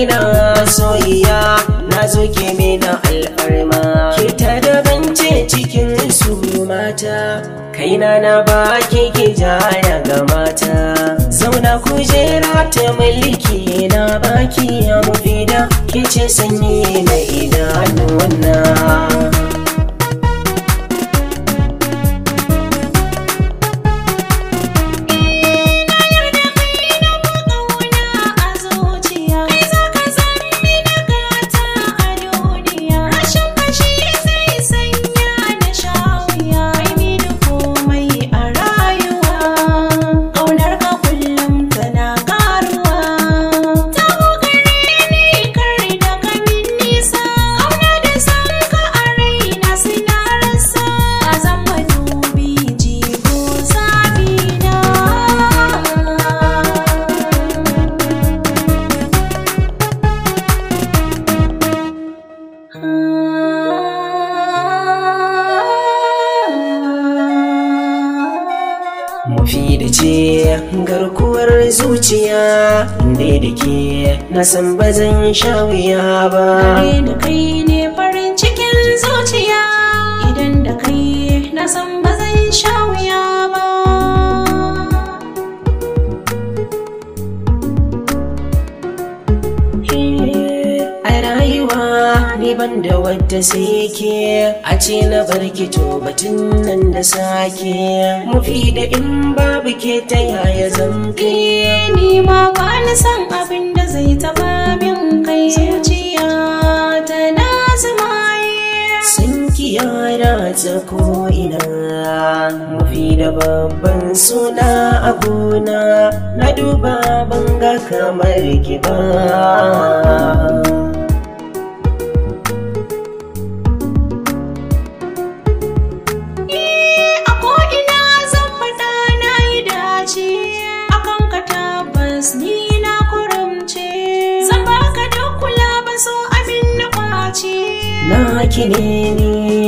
na soyayya na zo ke mina alfarma ki ta da bance cikin su mata kaina na ba ke ke jaya ga mata zauna kujera ta mulki na baki ya da, ke ce sanyi na idanuwan na fidace garkuwar zuciya inda da ke na san ba zan ba da kai ne farin cikin zuciya idan da kai na san ba zan sha ban da wadda sai ke a ce na barki to batun nan da sake mufi da in babu ke ta yaya zan ni ma ba san abin da zai taba min kai zuciya ta na zama sun yara ta ko'ina, ina mafi da babban suna a gona na duba banga kamar ki na ki ni